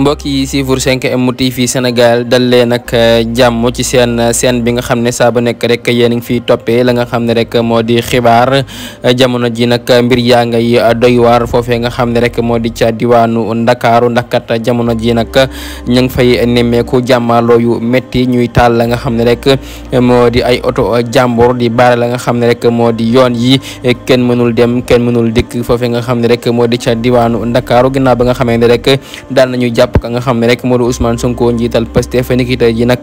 mbokk yi suivre 5M TV Sénégal dal leen ak euh, jàmm ci seen euh, seen bi nga xam ne saa bu nekk rekk yéen a ngi toppee la nga xam ne rek moo di xibaar euh, jamono ji nag mbir yaa ngay doy waar foofee nga xam ne rek moo di ca diwaanu ndakaaru ndaxkat jamono ji nag ñu ngi fay nemmeeku jàmmaloo yu métti ñuy taal la nga xam ne rek di ay oto jàmbur di baare la nga xam ne rek moo di yoon yi kenn mënul dem kenn mënul dikk foofee nga xam ne rek moo di ca diwaanu ndakaaru ginnaaw ba nga xamee ne rek dal nañu jàpp jàpp ka nga xam ne rek moo di Ousmane njiital Pastef niki tey ji nag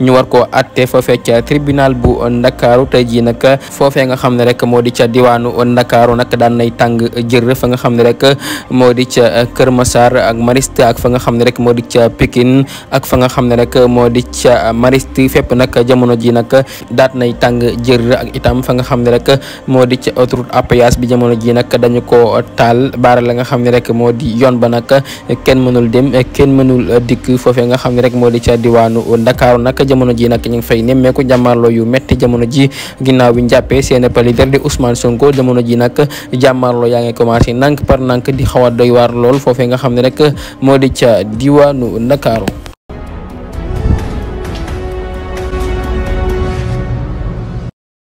ñu war koo atte foofee ca tribunal bu Ndakaaru tey ji nag foofee nga xam ne rek moo di ca diwaanu Ndakaaru nag daan nay tàng jër fa xam ne rek moo di ca Kër Massar ak Mariste ak fa nga xam ne rek moo di ca Pikine ak fa nga xam ne rek moo di ca Mariste fépp nag jamono ji nag daat nay tàng jër ak itam fa nga xam ne rek moo di ca autoroute à bi jamono ji nag dañu ko taal baara la nga xam ne rek moo di yoon ba nag kenn mënul dem Eh, kenn mënul eh, dikk foofe nga xam ne rek moo di ca diwaanu Ndakaaru nag jamono ji nag ñu ngi fay nemmeeku jàmmarloo yu metti jamono ji ginnaaw bi ñu jàppee seen leader di Ousmane Sonko jamono ji nag jàmmarloo yaa ngi commencé nank par nank di xaw a doy waar lool foofee nga xam ne rek moo di ca diwaanu Ndakaaru